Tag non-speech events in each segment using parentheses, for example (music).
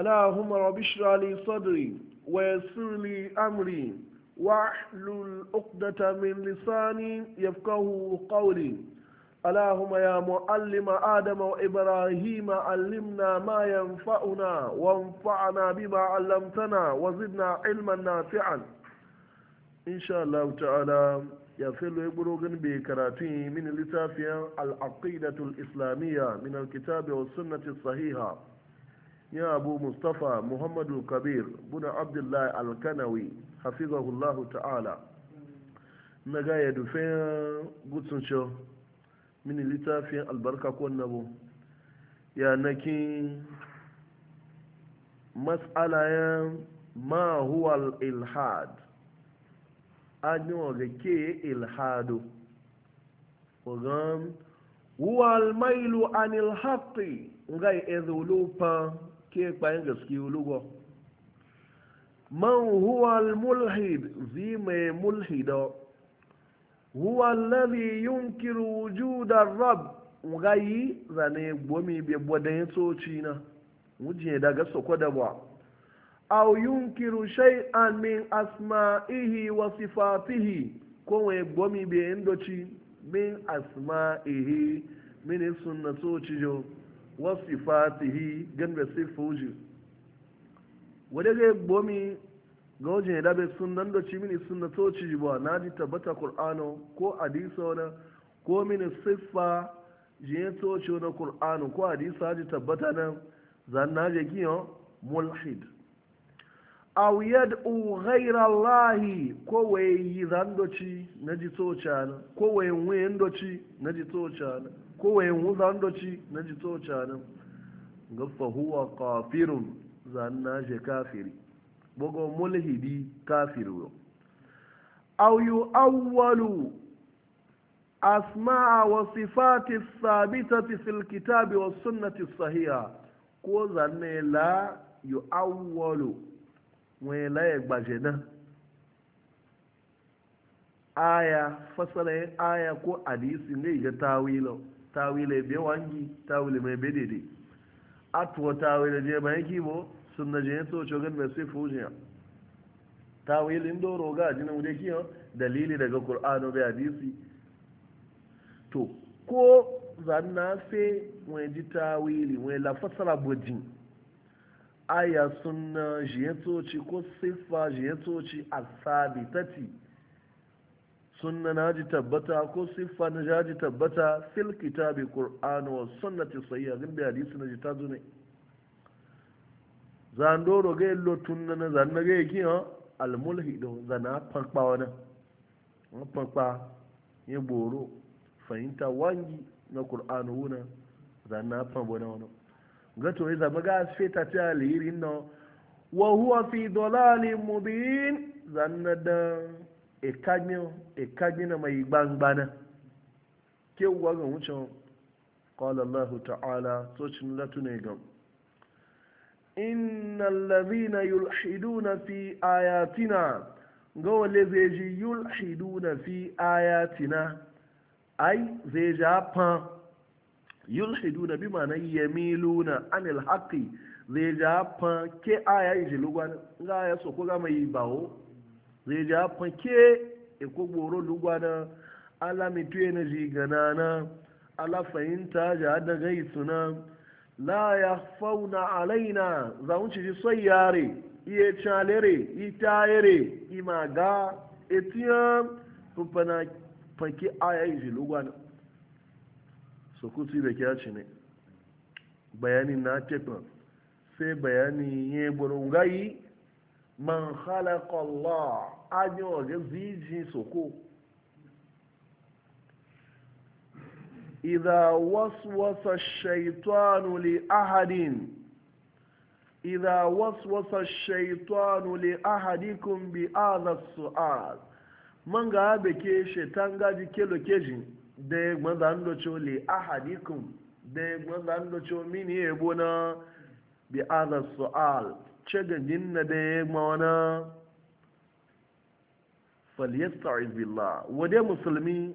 اللهم رب اشرح لي صدري ويسر لي امري واحلل عقدة من لساني يفقه قولي اللهم يا معلم آدم وإبراهيم علمنا ما ينفعنا وانفعنا بما علمتنا وزدنا علما نافعا إن شاء الله تعالى يا فلو يبروغن بكراتي من لتافيا العقيدة الإسلامية من الكتاب والسنة الصحيحة ya abu mustapha muhammadu kabir buna abdullahi alkanawi hafizahullahu ta'ala na gaya dufin gutsunco mini littafin albarka ko nabo ya nakin matsalayen ma huwa ilhad an yi waga ke ilhado wagan huwa Mailu an ilhaqi ngai ezulupa ke bayan gaske lugo man huwa mulhid zi mai mulhida huwa lari yunkiru wujuda rab ngayi zane gbomi be bodan soci na wuje daga soko da ba aw yunkiru shay'an min asma'ihi wa sifatihi ko we gbomi be endoci min asma'ihi min sunna soci jo wasu fatihi gan da sifuji wadda ga gomi ga wajen da bai sunan da ci mini sunna toci ba na ji tabbata qur'ano ko hadisa na ko mini siffa je to na qur'ano ko hadisa ji tabbata nan zan na je kiyo mulhid aw yad'u ghayra allahi ko yi zan ci na ji to ci ko wayi ci na ji to kowai wuzan doci na ji tsoca nan ga fahuwa kafirun zan na je kafiri bugu mulhidi kafiru au yi awwalu asma'a wa sifati Sabita, fil kitabi wa sunnati sahiha ko zanne la yu awwalu wani la gbaje gbajena aya fasala aya ko hadisi ne ga tawilo tawile be wangi tawile mai be dede atwo tawile je mai kibo sunna je to chogan be sifu je tawile ndo roga jina ude kiyo dalili daga qur'ano be hadisi to ko zanna sai wani ji tawili wani la fasara bojin aya sunna je to ci ko sifa je to ci tati? sunna na ji tabbata ko siffa na ja ji tabbata fil kitabi qur'ani wa sunnati sayya gin bi hadisi na ji ta zo ne zan doro ga yello tunna na zan ga yake ha al mulhidu zana fakpa wana fakpa ya boro fahimta wangi na qur'ani wuna zan na fa bona wana to ya zama ga sheta ta alirin no wa huwa fi dalalin mubin zan da ikagina mai gbangbana kewuwa ga wucin ƙwallallahu ta'ala tocin latune gam inna lalazina yulhiduna fi ayatina ga wale zai ji yulhiduna fi ayatina ai zai ja fan yulhiduna bi ma'ana yamiluna anil haqqi zai ja fan ke aya yi ji lugwa ga ya so ko ga mai bawo zai ji hafan ke e ko goro lugwana ala mitu yana ji gana na ala fahimta ji hada gai suna la ya fauna alaina za mu ci sai yare iya chalere itayere imaga etiya rufana fanki aya lugwa lugwana so kuti da kya ci ne bayanin na tekun sai bayani ya yi man khalaqa Allah anyo ziji soko idha waswasa ash-shaytanu li ahadin idha waswasa ash bi hadha as-su'al ji kelo kejin da cho li ya e bi hadha cagagin na da ya mawana falyasta'iz billah wadda musulmi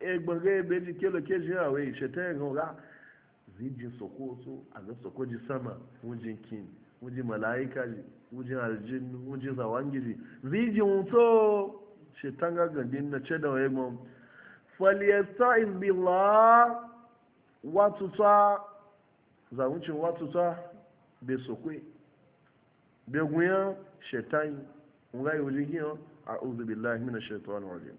e gbage bai ji kelo ke ji awe ishe ta yin ga zijin soko so a ga soko ji sama wujin kin wujin malaika ji wujin aljin wujin gizi, zijin so shetan ga gandin na ce da waye mom falyasta'iz billah watuta zawuncin watuta bai sokwe begunya shetai ngai uligiyo a'udhu billahi minash shaitani rajim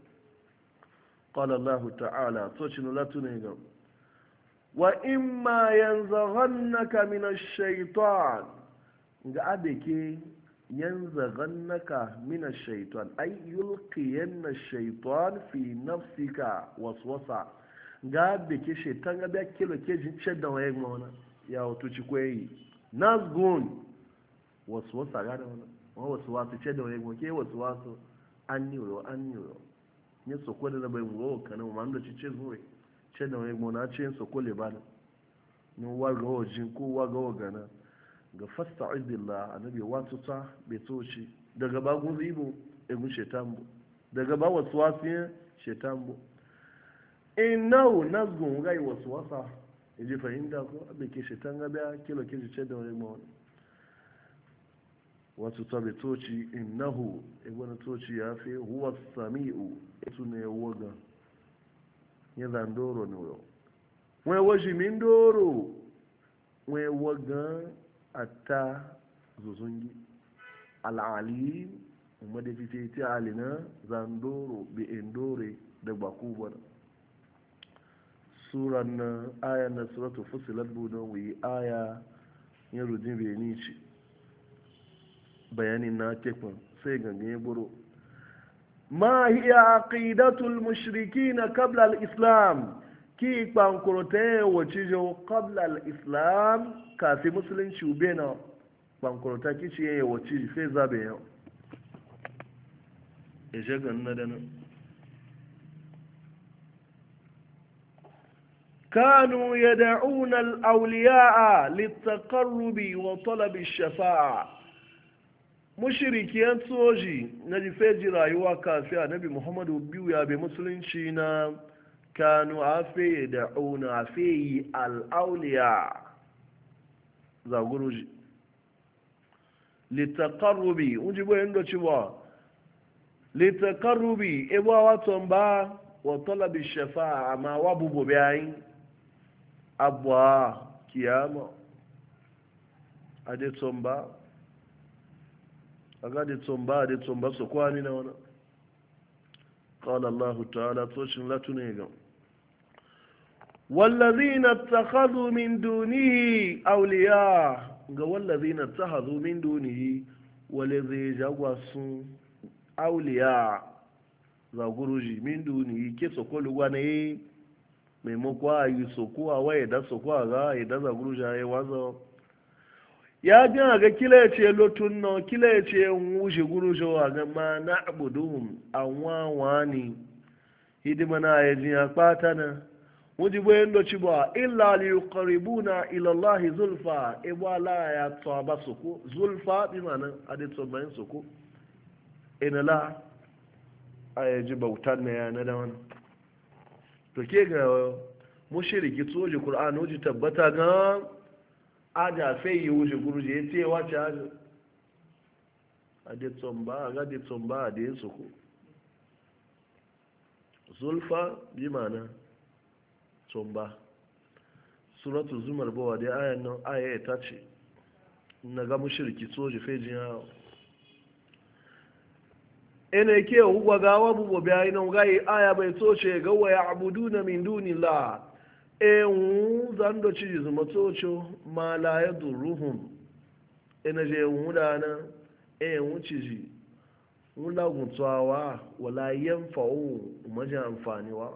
qala allah ta'ala tsochinu ne ga wa imma yanzaghannaka mina shaitan ga yanzu yanzaghannaka mina shaitan yulki yulqiyanna shaitan fi nafsika waswasa ga abeke shaitan ga kilo kejin shedda waye mona ya otuchi Nas nazgun wasu wasu ga da wani wasu wasu ce da wani goke wasu wasu an yi ro an yi ro ne so ko da na bai wuro kanan ma da ci ce zure ce da wani gona ce so ko le ba da ne wa ga wajin ko wa ga wagana ga fasta'iz billah annabi wato ta bai toci daga ba guzi bu egun shetan bu daga ba wasu wasu shetan bu innahu nazgun gai wasu wasa yaji fahimta ko abin ke shetan gabe kilo ke ce da wani gona wasu tabi toci innahu wani toci ya fi huwa sami'u su ne waga ya zandoro ne yau wai waji min doro wai waga ta zuzungi al'ali umar da fite ta alina zandoro bi indore da bakubar suran na aya na suratu fusilat budon wuyi aya ya rudin benici bayanin na tekun sai gangan ya buru ma hiya aqidatul mushrikina qabla al-islam ki kpankurute wace jo qabla al-islam kafi musulunci ube na kpankuruta kici yayi wace fe zabe yau e je ganna da nan كانوا يدعون الأولياء للتقرب وطلب الشفاعة Mushiriki mushirikiyan soji na jifeji rayuwa kafi annabi muhammadu biyu ya bai musulunci na kanu afe da auna afe yi al'auliya zaguruji litakarrubi unji bo yin doci ba litakarrubi ebuwa watan ba wa talabi shafa ma wa bubu bayan abuwa kiyama a ba aga da tsomba da tsomba su kwani na wani قال الله تعالى توشن لا تنيغم والذين اتخذوا من دونه أولياء والذين اتخذوا من دونه والذي جواسوا أولياء zagurji min duni ke soko lugwana yi maimakon a yi soko wa ya da soko za a da a yi wazo ya ji a ga kila ya ce lotun na kila ya ce wuce gurujo a ga ma na abuduhum anwa wani hidima na ya ji ya kpata na wuji bai yin doci ba illa li yuqaribuna na ilallahi zulfa e bo ala ya to ba soko zulfa bi mana ade to bayin soko ina e la aya ji bautan na ya na da wani to ke ga mushriki tsoje qur'an wuji tabbata ga aja feyi wuce guruji ya ce wace aja a ditson ba a ga ditson ba a da yin zulfa bi mana suratu zumar bawa da aya na aya ya tace na ga mushirki soji fejin hau. ene ike hugwa gawa bubo biya yi nan aya bai soce ga wa ya abudu na min duni ehun zan doci ji zuma ma la ya duruhun ina je ehun dana ehun ciji ji wula gutsawa wala yan fa'o majin amfani wa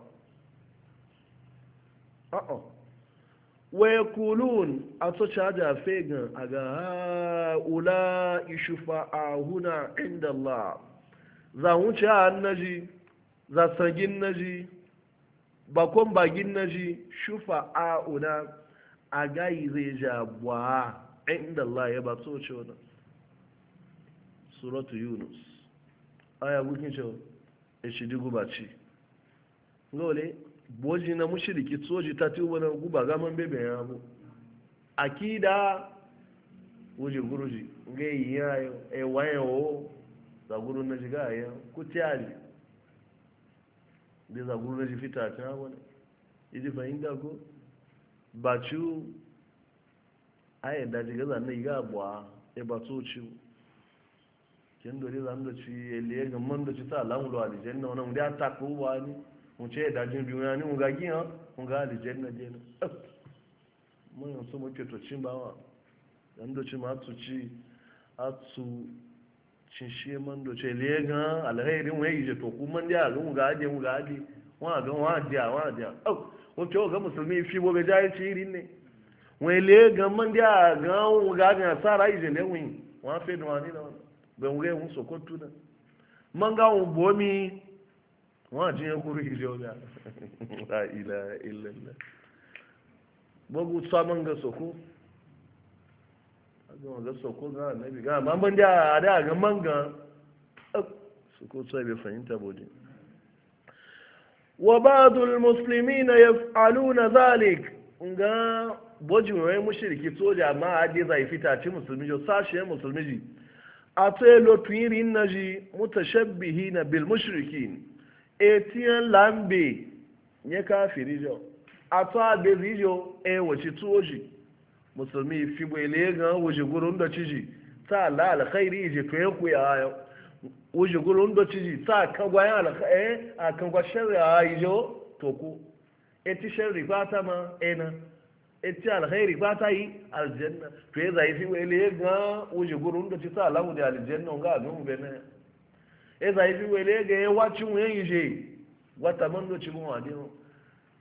a'a waya kulun a tsoca da fegan a ga ha'ula ishufa a huna inda la za wuce a naji za sagin naji bakon bagin na shufa a a gayi zai ja buwa inda Allah ya ba so ce wani suratu yunus aya gukin ce ya shi guba ci gole boji na mushiriki tsoji ta tuba na guba gaman bebe ya abu akida wuje guruji e ga yi yayo ewayewo za guru na shiga ya kuti ali da zagun raji fita ta wani iji fahimta ko ba ciwo a yadda gaza e na iga abuwa ya ba to ciwo kin dore za mu da man da ci ta lamu da alijanna wannan da ta ko ba ni mun ce da biyu ni mun giya mun ga na mun so do ci ma ci cinshe man do ce le gan alheri won yi je to ku man dia lu ga je ga di won ga won dia won dia au won to ga musulmi fi bo ga jayi ci rin ne won le gan man dia gan won ga ga sara yi je le won won fe no ani no be won ga won so ko tu na man ga won bo mi wa je e ku ri je o ga (laughs) la ilaha illallah bogu sa man ga so ku agan ga soko na annabi ga amma ban da da ga manga soko sai bai fahimta bodi wa ba'dul muslimina yaf'aluna zalik ga boji wai mushriki soja amma hadi zai fita ci musulmi jo musulmi ji a tsaye lotuirin na ji mutashabbihi na bil mushrikin etiyan lambe ya kafiri jo a bezijo e wace musulmi fi bele ga wuce gurin da ciji ta la alkhairi je to yanku ya ayo wuce gurin da ciji ta kan gwayan alkhairi eh, a kan gwa shari'a ijo to ku eti shari'a ba ta ma ena eh eti alkhairi ba ta yi aljanna to ya zai fi bele ga wuce gurin da ci ta la mu da aljanna ga ga mu bene ya zai fi bele ga ya wacin yin je wata man do ci mu adino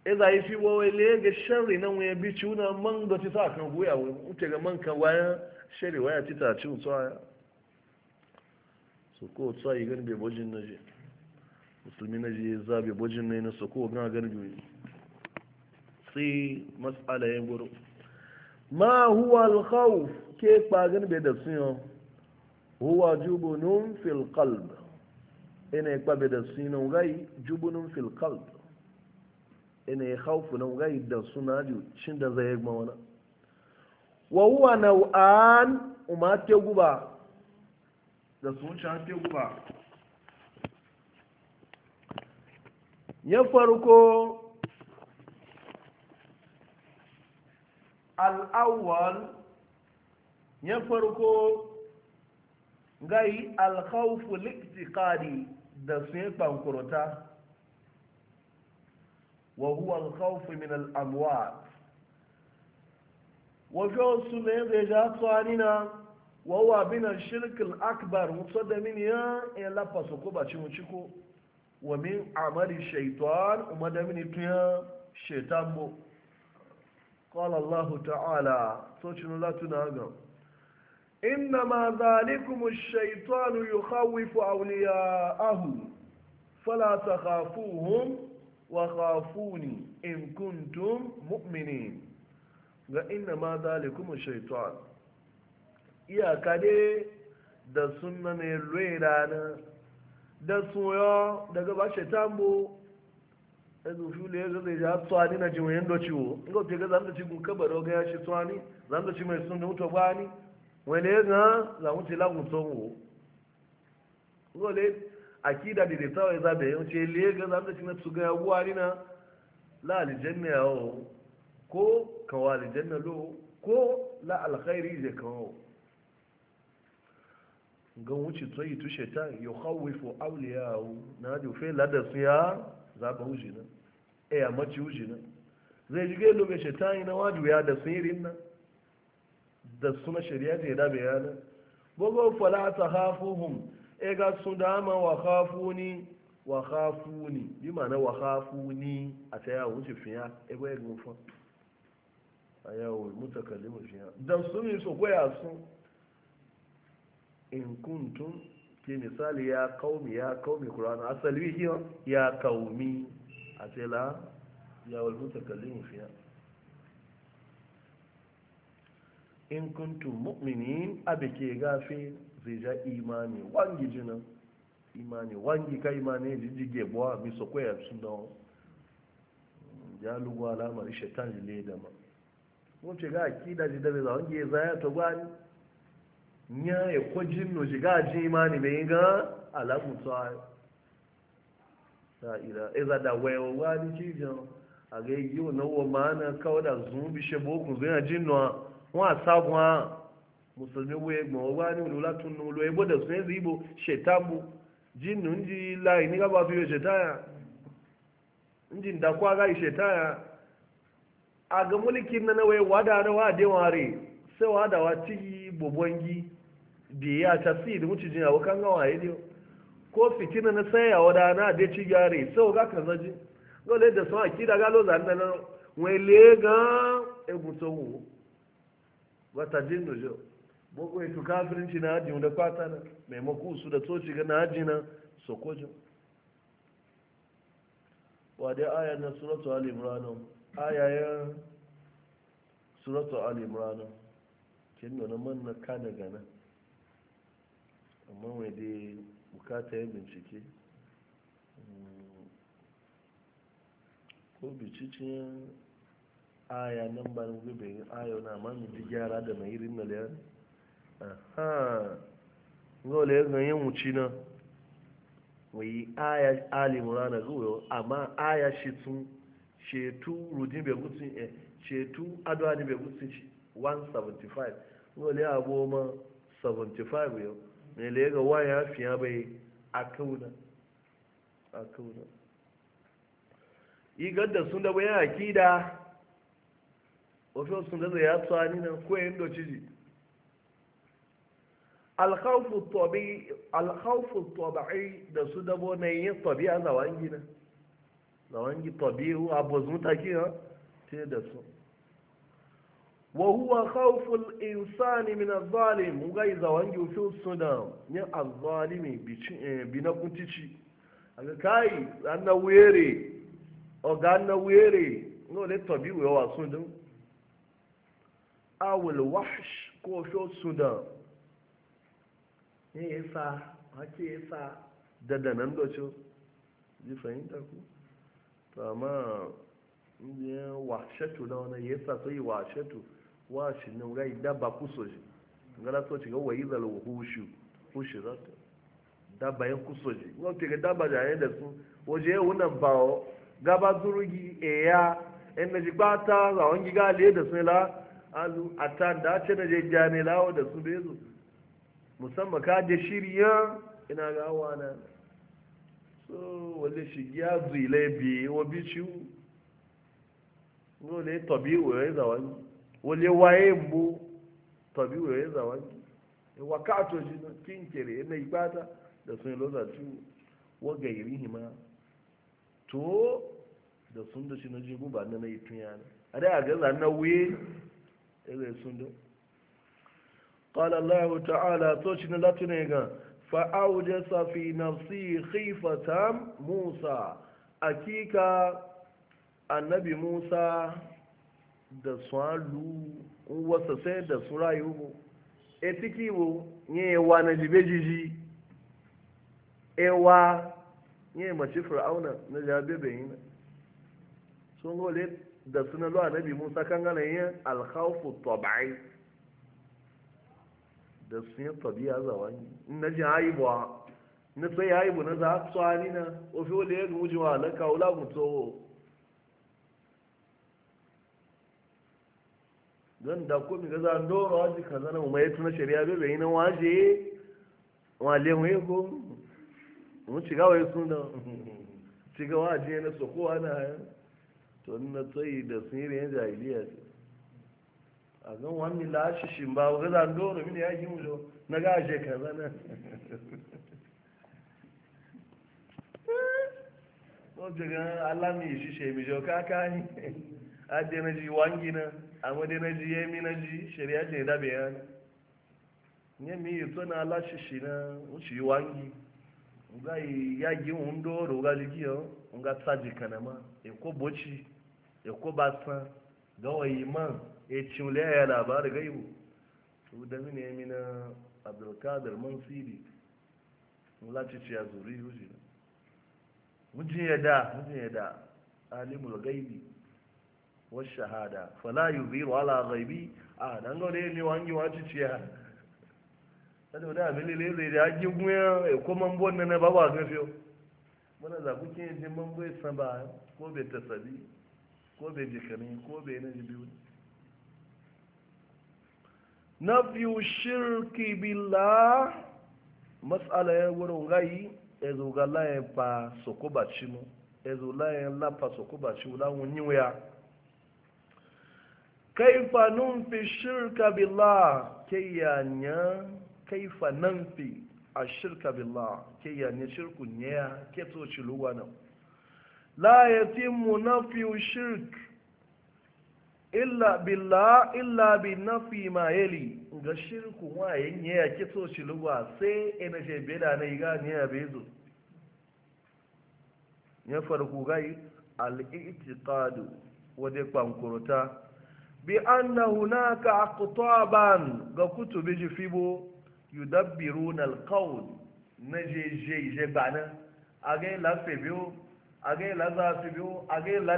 e za yi fi wawai le ga shari nan wuya bi ciwuna man da ci sa kan goya wai ga man kan waya shari waya ci ta ciwun tsaya su ko tsayi gan bai bojin na je musulmi na je za bai bojin na yana su ko gan gan bai sai matsala ya guru ma huwa alkhawf ke pagan bai da sun huwa jubunun fil qalb ina ikpa bai da sun gai jubunun fil qalb ina ya haufu nan gai da suna ju shin da zai yi wani wa na nau'an umar te guba da su wuce guba ya farko al'awwal ya farko gai alkhawfu liktiqadi da su yi وهو الخوف من الأموات وجو سنين ديجا صانينا وهو بين الشرك الأكبر مصد من يا إلا فسقو باشمشكو ومن عمل الشيطان ومد من تيا شيطان بو قال الله تعالى سوچنا الله تناغا إنما ذلكم الشيطان يخوف أولياءه فلا تخافوهم وخافوني إن in مؤمنين وإنما ga الشيطان يا zalikum iyaka da sunna ne da daga ba shaitan bu ezu fule zai ja tsani na ciwo ngo te ga zan da gun kabaro ga ya shi tsani zan ci mai mutu ga lagun ngo akida da da tawai za da yau ce lega za da cina su gaya buwari nina la alijanna yawo ko kawo alijanna lo ko la alkhairi zai kawo gan wuce tsayi tu shaitan ya hawifu auliyawo na hajji ofe ladar su ya ba wuce nan e ya maci wuce nan zai ji gailu mai shaitan na wadu ya da sun yi nan da suna shari'a ce da bayanan gogo fala ta hafuhum e ga dama wa khafuni wa khafuni bi ma'ana wa khafuni a ta yawon shi fiya e ga yin fa a yawon mutakallimu fiya dan su yi so goya sun in kuntum ke misali ya kaumi ya kaumi qur'an asali hiya ya qaumi a ya la mutakallimu fiya in kuntum mu'minin abike gafi. zai imani wangi jina imani wangi ka imani jijjige buwa mi so kwaya sun dawo ya lugu alamar shaitan jile da ma mun ce ga akida ji da za wangi ya to gwani nya ya ko jinno ji ga ji imani mai ga alamu to ta ira eza da wayo wani da zumbi zai wa musulmi wuye gbọ̀n ọgbà ni olùlá tún nù lọ egbó dẹ̀sùn ẹ̀sìn ìbò ṣètàbù jínú ń jí láì ní fi ṣètàyà ń jí ìdàkọ́ aga ìṣètàyà àgàmúlìkì nana wẹ̀ wàdà àdá wà dé wọn rè ṣé wàdà wà tí bòbọ́n yí bì ya àṣà si ìdìmú ti ko na sai wada na gare ga ji akida ga lo zan le ga wata jo boko ya kafirinci na hajji da kwata na maimako su da toci ga na hajji na sokojin wadai aya na suratu alimranu imranu ayayen suratu alimranu kin nuna man na ka daga nan amma mai dai bukata ya bincike ko bicicin aya nan ba na gube ayo na amma mai gyara da mai irin na liyar ngole e, ya ganye wuci na yi aya alimura na zuwa amma aya shi tun shetu rudin begutun eh shetu adwa ni begutun 175 ngole ya goma 75 yau ne le ga waya fiya bai a kauna a kauna igar da sun ya bayan akida wasu sun da zai ya kwa nan ko alkhawfu tabi'i da su dabo na yin tabi'a zawangi na zawangi tabi'u abozun take ha te da su wa huwa khawful insani min az-zalim ga zawangi fi sudan ne az-zalimi eh, bi na kuntici aga kai anna were oga na were no le tabi'u wa sudan awul wahsh ko fi sudan ne ya sa hake ya sa daddanan doce ji fahimta ku to amma ya washetu na wani ya sa sai washetu washe nan gai daba kuso shi gara so ci ga wayi zal hushu hushu ta daba ya kuso ji wọn te daba da yan da su waje ya wunan bawo gaba zurugi eya en na gbata za wangi ga le da su la alu atan da ce na je jane lawo da su bezu musamman ka je shirya ina ga awana so wale shi ya zile bi wa bi ci wale tobi wa ya zawani wale waye mbu tobi wa ya zawani wakato shi na kinkere na ibata da sun loza ci wa gairi hima to da sun da shi na jibu ba na na yi tunyana a dai a gaza na wuye ya zai sun da قال الله تعالى توشن لاتنيغا فأوجس في نفسي خيفة موسى أكيكا النبي موسى da swalu wasa sai da su E etiki wo nye wa na jibe jiji ewa nye mace fir'auna na jabe na. sun gole da sunan lo annabi Musa kan gane yin da sun yi tabiya zawa in na ji haibuwa na sai haibu na za a tsani na ofe wale ya guji wa alaka wula mutu don da ko mi doro ndoro waje zana mu mai tuna shari'a bebe yi na waje wale mu ko mu shiga wai sun da shiga waje na (laughs) sokowa na to na tsayi da sun yi da jahiliya ce a gan wani lashishin ba wa gaza doro mini ya yi ndọrọ na ndọrọ ka zana ndọrọ gan alami ndọrọ ndọrọ kaka ni ndọrọ na ji wangi na na ji yemi na ji shari'a mi na lashishi na wangi nga e eh, cimle ya labari gaibu su da mini ya mina abdulkadar mansiri mulacici ya zuri yuji mujin ya da mujin ya da alimul gaibi wasu shahada Falayu biyu, ala gaibi a dan gaure ne wangi wacici ya ta da da milile lele da hagi guya ya kuma mbon na ba ba gafiyo mana zaku kuke jin mambo ya san ba ko bai tasabi ko bai jikani ko bai na biyu ne nafiyu shirki billah matsala ya wurin gai ezo ga laye pa sokoba cimu ezo laye la pa sokoba cimu yi wuya. yin ya kaifa nunfi shirka billah kayanya kaifa nanfi ashirka billah kayanya shirku ne ya keto ciluwa nan la na nafiyu shirki illa billah illa bi nafi ma yali ga shirku wa ya kito shi lugwa sai ina je bela na iga ne ya bezo ya farko gai al-i'tiqadu wa de kwankurta bi anna hunaka aqtaban ga kutubi jifibo yudabbiruna al-qawl na je je A gai agai biyu, a gai la biyu, a gai la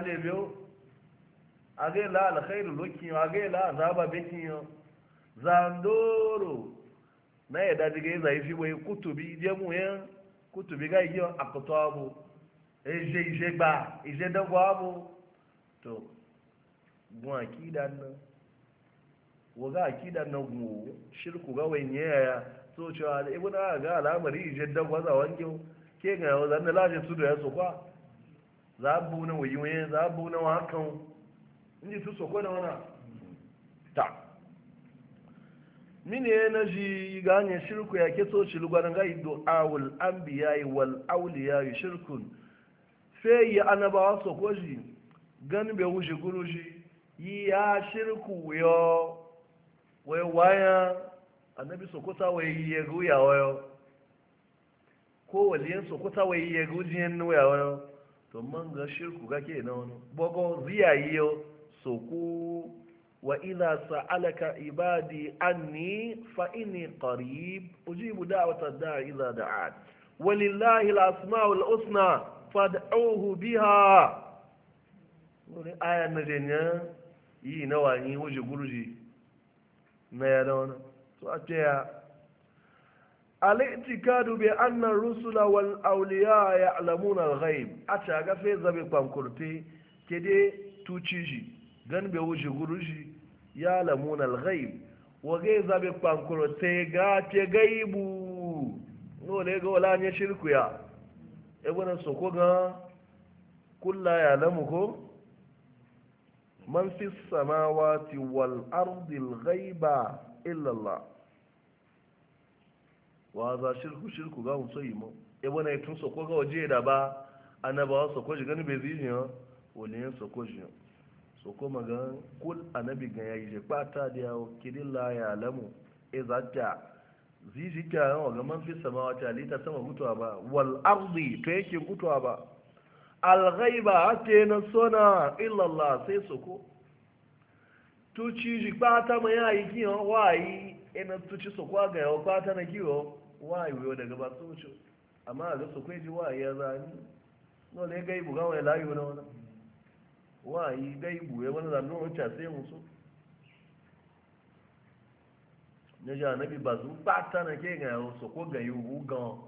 age la alkhairu loki age la azaba bekin zandoro na yadda dadige za ifi boye kutubi je mu yen kutubi ga iyo akoto abu eje ije gba ije dogo abu to gun akida na waga akida na gun shirku ga wenye ya so cewa da ibn ga al'amari ije dogo za wange ke ga zan da laje su da ya so kwa za bu na wayi wayen za bu na wakan ndị tu sokwe na ọna taa mini na ji ga anya shirku ya ke toci lugwanin ga ido awul an biya yi wal auli ya yi shirkun fe yi anabawa sokwe ji gani bai wuce guru ji yi ya shirku yo wai waya annabi sokota wai yi ya guya wayo ko waliyan sokota wai yi ya gujiyan wayo to man ga shirku ga ke na wani bogo ziyayi yau so wa ila sa'alaka ibadi anni fa inni qarib ujibu da'wata da'i idha da'at walillahi al-asma'u al-husna fad'uhu biha wani aya na jenya yi na wani wuji gurji na ya da wani so a ce ya al-i'tikadu bi anna ar-rusula wal awliya ya'lamuna al-ghaib a ce ta gafe zabe kwankurti kede tuciji gan be wuce gurushi ya lamuna alghaib wa gai zabe kwankuro te ga te gaibu no le ga wala ne shirku ya e wannan so ko ga kulla ya lamu ko man fi samawati wal ardi alghaiba illa allah wa za shirku shirku ga musayi mu e wannan tun so ko ga waje da ba annabawa so ko ji gani be zijiya wani so ko ji so kuma ga kul annabi ga yayi je kpata da yawo kidilla ya alamu izata e ziji ta yawo ga man fi samawati alita sama mutuwa ba wal ardi to yake mutuwa ba al ghaiba atena sona illa allah sai soko tu ci ji kwata ma yayi ki wai ina e tu ci soko ga yawo kpata na kiwo wai wo daga ba so amma ga soko ji wai ya zani no le gaibu ga wani layu na wannan wayi gaibu ya wani zanen wuce sai musu ya anabi ba su bata na ke gaya su ko gayi ugan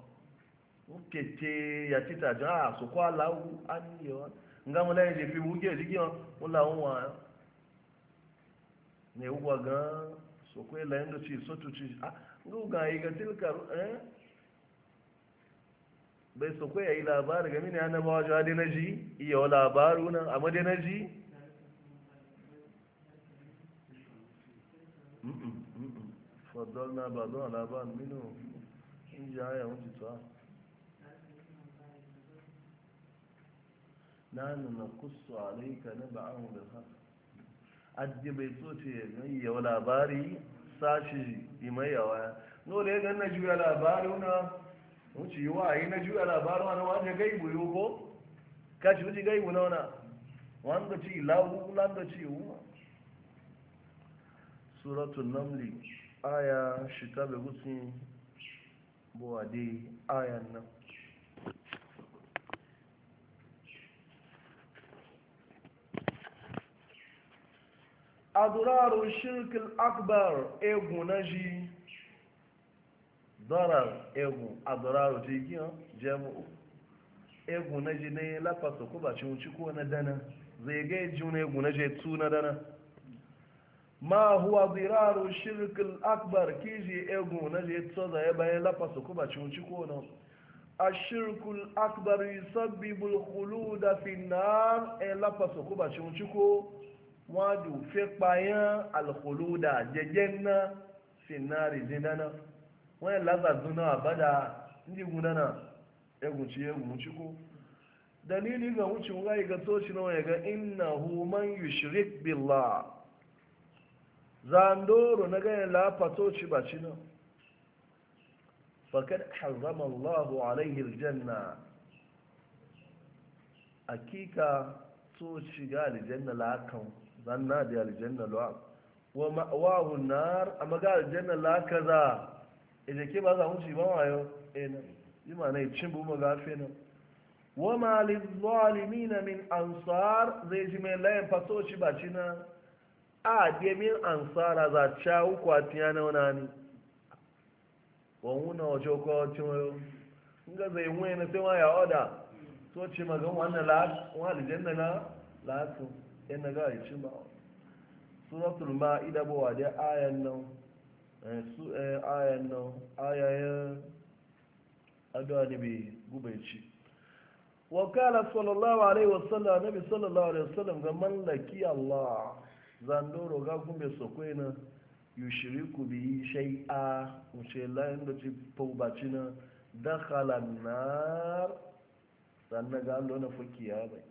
nkete ya tita jan a su ko alawu an yi nga mula ya jefi wuge jigi wọn wula nwa na ewu gan su ko ila yin da sotu ci a nga ugan yi ga tilka eh bai su kai yayi labari game ne annabawa jawa da naji iya wa labaru nan a da naji faddalna ba'dhu ala ba'd minhu in ja ya na to nanu naqussu alayka nab'ahu da ha addi bai so ce yayi wa labari sashi imai yawa no le ganna juya labaru na wuce yi wa yi na juya labarin wani wanda gaibu yi ko kashi wuce gaibu na wana wanda ci lawu wanda ci wuma suratun namli aya shi ta bai gutsin buwa dai ayan nan adrarun shirkin akbar shi. darar egun adararo jigiyar jami'u egun na ji ne lafasa ko ba cin ciko na dana zai gai na egun na je tu na dana ma huwa ziraru shirkul akbar kiji egun na je tsoza ya bayan lafasa ko ba cin ciko na ashirkul akbar sabbi khuluda fi nar e lafasa ko ba cin ciko wadu fe payan al da jejenna na nar jinana wani lazardun na bada ndi gudana egunci ya gunci ko dalili ga wucin rai ga toci na ga inna hu man yushrik billah zandoro na gaya lafa toci ba ci na fakad harrama allahu alaihi aljanna akika toci ga aljanna lakan zanna da aljanna lo wa ma'awahu nar amma ga aljanna la kaza ejeke ba za mu ci ba wayo ena eh, yi na nai cin bu ga fe na wa ma lil zalimin min ansar zai ji mai layin fato ci ba ci na a de min ansara za cha u kwa tiya na wana ni wa una o joko ti wayo nga zai mu na sai wa ya oda so ci ma ga wannan la wa aljanna na la to yana ga ci ba suratul ma'ida bo wa da ayan nan su eh, ayan nan ayayen addu'a ne bai gubaici wakala sallallahu alaihi wasallam nabi sallallahu alaihi wasallam ga mallaki Allah zandoro ga gumbe sokwe na yushriku bi shay'a mushe lain da ci paubaci na dakhala nar sannan ga Allah na fukiya bai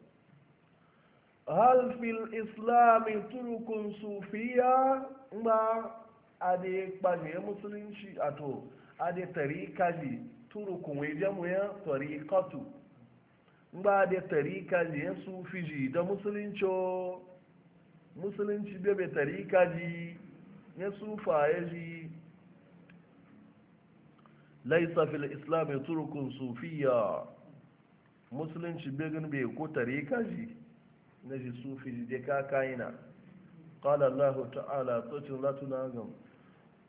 hal fil islam turukun sufiya ba ade kpanye musulunci a to ade tarika ji turukun wajen ya tarikatu ba ade tarika ji ya sufi ji da musulunci musulunci bebe tarika ji ya fa ji laisa fil islami turukun sufiya musulunci begin bai ko tarika ji na ji sufi ji dai kakayina قال الله تعالى تتلتنا قم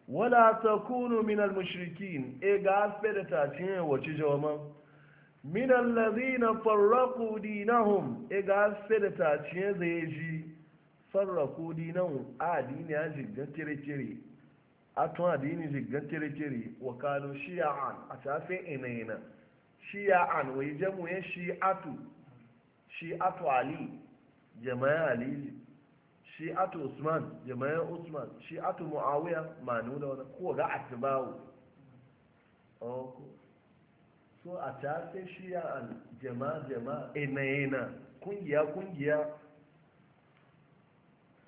wala takunu al mushrikin e ga asbeda ta cinye wace jawama minal ladhina farraqu dinahum e ga asbeda ta cinye zeji ji farraqu dinahum dini ya jiggan tere-tere a a dini jiggan tere-tere wa kanu shi'an a tafe inayina shi'an wai yajmu ya shi'atu shi'atu ali jama'a ali shi'atu usman jama'in usman shi'atu muawiya ma nuna wani ko ga atibawu so a tafe shiya al jama'a jama'a ina ina kungiya kungiya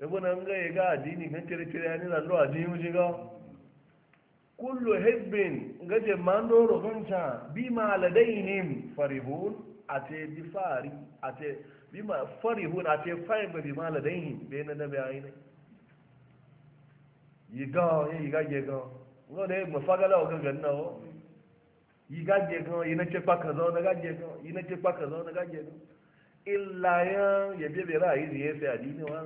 ebe na nga ya ga adini kan kere-kere ya nila lo adini mu jiga kullu hibbin ga je bi ma gonta bima ladaihim a te difari te bima fari na te fari ba bima dai be na da bai ne yi ga ye ga ye ga ngo ne faga la o ga ganna o ga ye ga na ce pa zo na ga ye ga na ce pa zo na ga ye ga illa ya ye be be rai ye fe adini wa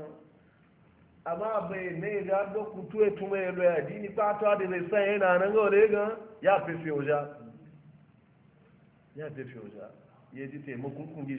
amma bai ne ga do tu e tume lo a dini pa to ade le sai na na ngo re ga ya fi o oja ya fi o oja ye ji te mo kun kun ji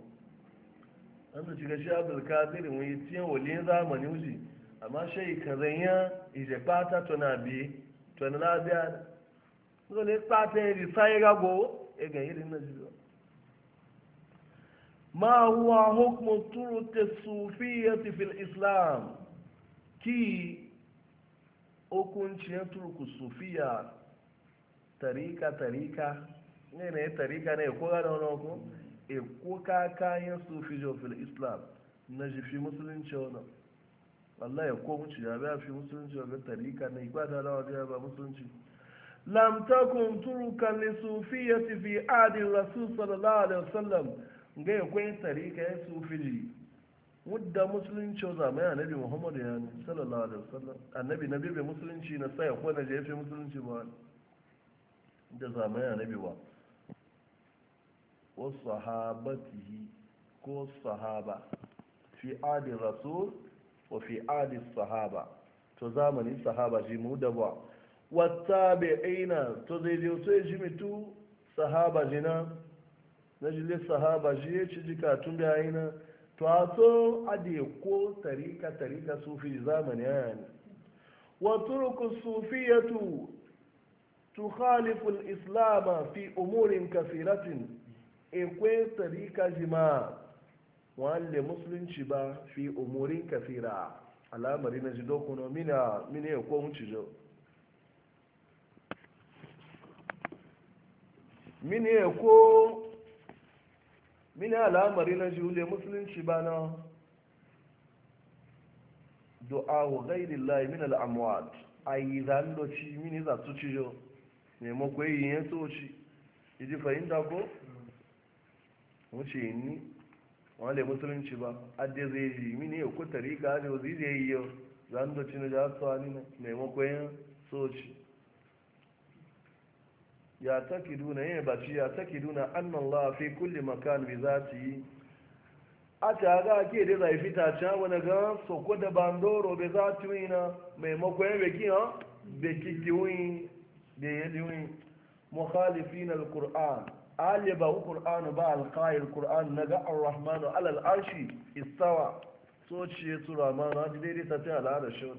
an da shiga sha bulkadir wani tiyan wali zamani wuce amma shai kazan ya ije pata tona biye tona na biya so ne pata iri sai gago e ga irin na jiyo ma huwa hukmu turut sufiyyati fil islam ki hukuncin turku sufiya tarika tarika ne ne tarika ne ko ga wani hukunci e kuka kayan sufi jofil islam na jifi musulunci wani Allah ya ko muci ya biya fi musulunci wani tarika na ibada rawa biya ba musulunci lam takun turukan li su fi adin rasul sallallahu alaihi wasallam ga ya koyi tarika ya ji wadda musulunci wa zamai annabi muhammad ya ne sallallahu alaihi wasallam annabi musulunci na sai ko na jefe musulunci ba da annabi ba wa sahabatihi ko sahaba fi rasu, rasul wa fi adin sahaba to zamanin sahaba shi mu ba wata aina to zai to ya ji mitu sahaba ji na na sahaba ji ya ci jika tun da aina to a so ade tarika tarika sufi zamani ya ne wa turku sufiyatu tukhalifu al-islam fi umurin kasiratin ekwe tarika jima wale musulunci ba fi umurin kafira alamari na ji dokuno mini ekwe wuce jo mini ekwe mini alamari na ji wule musulunci ba na du'ahu ghairillahi min al'amwat ayi zan doci mini za su ci jo ne makwai yin so ci fahimta ko Mu wuce ni wale musulunci ba adde zai yi mini ya ko tarika da zai zai yi yau zan da cinu da su ani na maimakon soci ya taki duna yin baci ya taki duna annan la fi kulli makan bi zati a ta ga ke da zai fita ta wani ga ko da bandoro be za ta yi na maimakon beki ha beki kiwin da ya liwin mukhalifin al-qur'an aliba ba ba alqa'il qur'an naga ar-rahmanu ala al-arshi istawa so ce su ma na ji daidai ta tin al-arshi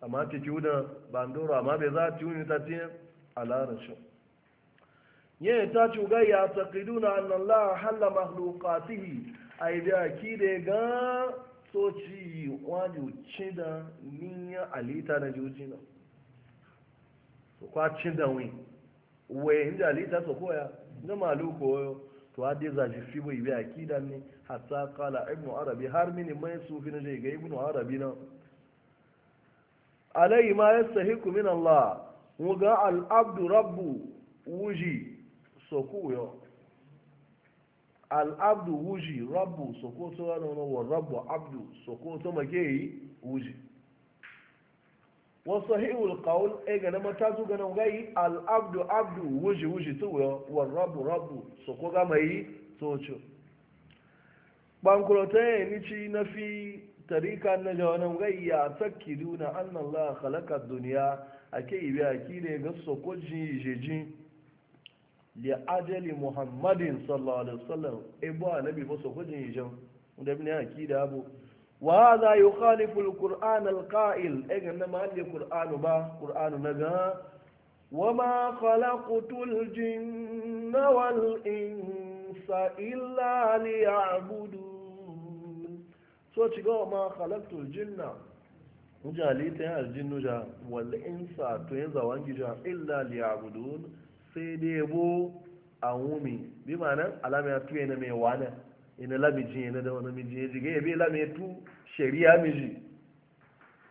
amma ke kiuda ba ndoro amma bai za ta wuni ta tin al-arshi ye ta ci ga ya taqiduna anna allah halla makhluqatihi ai da ki da ga so ci wani da niya alita na jujina so kwa cida wi wai inda alita so koya na malu koyo to hadi za shi fi bai bi akidan ne hatta kala ibn arabi har mini mai sufi na je ga ibn arabi na alai ma yastahiqu min allah mu ga al abdu rabbu wuji soku yo al abdu wuji rabbu soko to wa rabbu abdu soko to make wuji wasu hi'ul qawl e eh, ga mata ta zuga nan gai al abdu abdu wuji wuji tu wa rabu rabu so ko ga mai socho bankurota ya ni ci na fi tarika na jawanan gai ya tsakki duna an Allah halaka duniya a ke ibi a kire ga sokoji jejin li ajali muhammadin sallallahu alaihi wasallam e bo anabi ba sokojin jejin wanda bi ne akida abu وهذا يخالف القرآن القائل إذن ما عندي قرآن با قرآن نجا وما خلقت الجن والإنس إلا ليعبدون سو تشغو ما خلقت الجن وجاليت يا الجن جا والإنس توين وانجي جا إلا ليعبدون سيدي بو أومي بمعنى علامة توين ميوانا ina lamijin yana da wani mijin ya jiga ya bi lamitu shari'a miji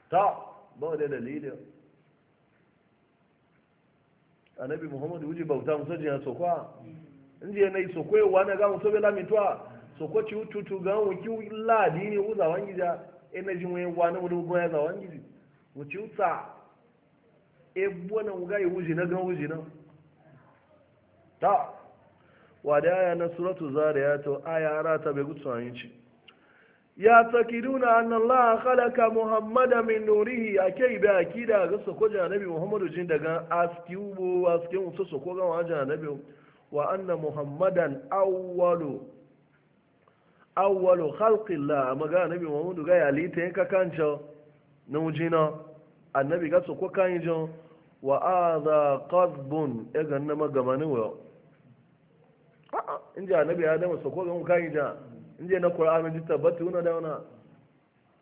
ta ba wani dalilin anabi muhammadu wuji bauta musa jiya sokwa inji yana yi sokwa yawa na gamu sobe lamituwa sokwa ci hututu ga wuki ladi ne wuza ja ina ji wani wani wani wani wani wani wangiji wuci wuta ebuwa na wuga yi wuji na gan wuji na ta wada aya na suratu zariya to aya rata bai gutsu an ci ya takiduna anna allah khalaqa muhammada min nurihi akai ba akida ga su ko janabi muhammadu jin daga askiubo askin su su ko ga wa janabi wa anna muhammadan awwalu awwalu khalqillah maga nabi muhammadu ga yalita yanka kancho na wujina annabi ga su ko kanjo wa adha qadbun e ganna magamani wa in ji annabi adamu su ko zama kayan ja in je na ƙura'anin ji tabbata wuna da wana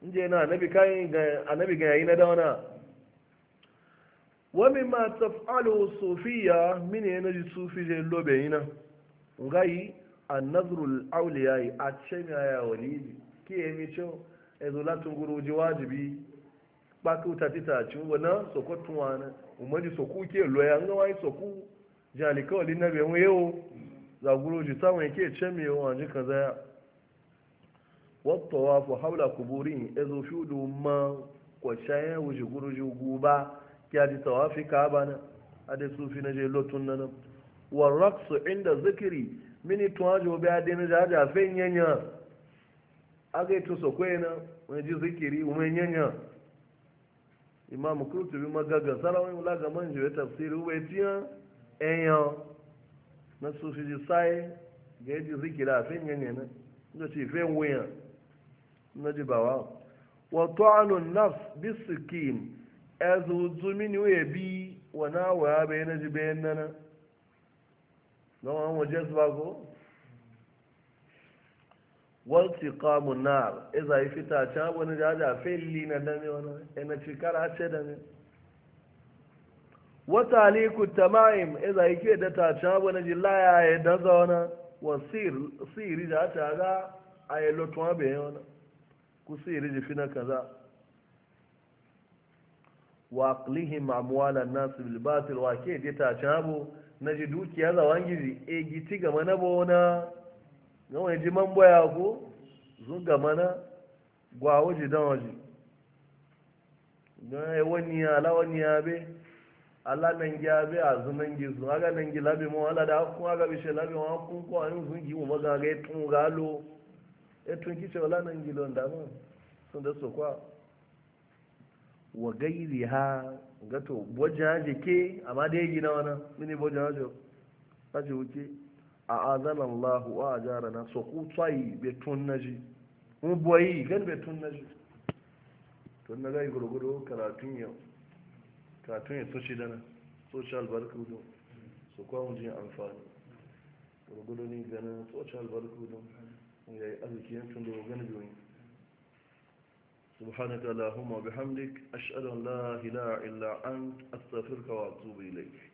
in na annabi kayan annabi ga yayi na da wana wani ma taf'alu sufiya min ya na ji sufi je lobe yi Ngai, ngayi annazrul auliya yi a ce mi aya wali ki yi mi ce ezolatun guruji wajibi kpaki wuta tita ci wana soko tun wani umarji soku ke loya an gawa yi soku jalikawali na bai yau zaguru ji samun yake ce mai yawan ji ka zaya wattawa ku haula kuburi ya zo fi ma kwace ya wuce guruji guba ya ji tawafi ka na a dai sufi na je lotun nan su inda zikiri mini tuwa ji obi adi na jaja fe nyanya ga ito so na wani ji zikiri ume nyanya imam kurtubi magagan sarawin wula ga manji wa tafsiri ube tiyan enyan na sufi ji sai ga yi zikira fin yanyan na da ce fin wuyan na ji bawa wa ta'anun nafs bisikin ezuzu mini wuya bi wa na waya bai na ji bayan nana na wani waje su ba ko walti kamun nar iza e yi fita can wani jaja fin lina dame wani yana e cikar hace dame wata aliku tama'im iza ike da ta can na jila ya yi da zauna wa siri da ta ga a yi lotuwa bai yi wani ku siri jifi na kaza wa aklihim na nasu bilbatil wa ke je ta can na ji dukiya za wangi ji e giti gama na bona na wani ji man boya ko zun gama na gwawo ji dan waje na yi wani ya ala wani ya be ala nan gi abe azu nan gi zu aga nan gi labi mo ala da ku aga bi she labi wa ku ko an zu gi mo maza ga tun ga lo e tun ki she ala nan gi lo nda mo sun da so kwa wa gairi ha ga to boja je ke amma dai gi na wana mini boja jo aje wuce a azana Allah wa ajara na so ku tsayi be tun naji mu boyi gan be tun naji tun na ga gurguru karatun yau kafin ya so shi dana social barkudu su kwamun jin amfani gurgudu ne ganin social barkudu ya yi arziki yankin da gani biyu سبحانك اللهم وبحمدك أشهد أن لا illa an أنت أستغفرك وأتوب إليك